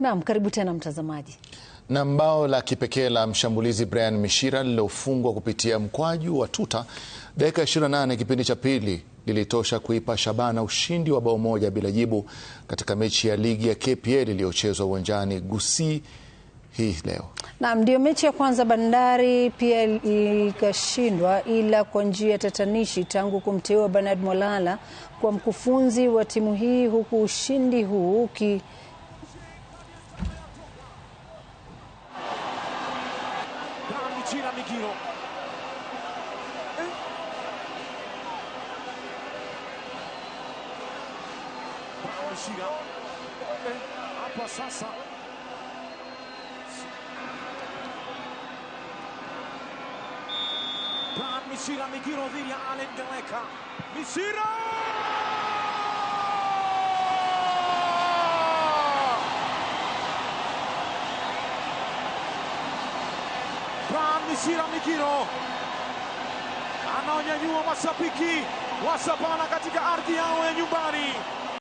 Naam, karibu tena mtazamaji. Na bao la kipekee la mshambulizi Brian Mishira lilofungwa kupitia mkwaju wa tuta dakika 28 kipindi cha pili lilitosha kuipa Shabana ushindi wa bao moja bila jibu katika mechi ya ligi ya KPL iliyochezwa uwanjani Gusii hii leo. Naam, ndio mechi ya kwanza Bandari pia ikashindwa ila kwa njia tatanishi tangu kumteua Bernard Mwalala kwa mkufunzi wa timu hii huku ushindi huu uki la avvicina Michino brava l'uscita acqua Sassa brava Mishira Michino via Allen Galeka Mishira Bamisira Mikiro anaunyanyua mashabiki wa Sabana katika ardhi ya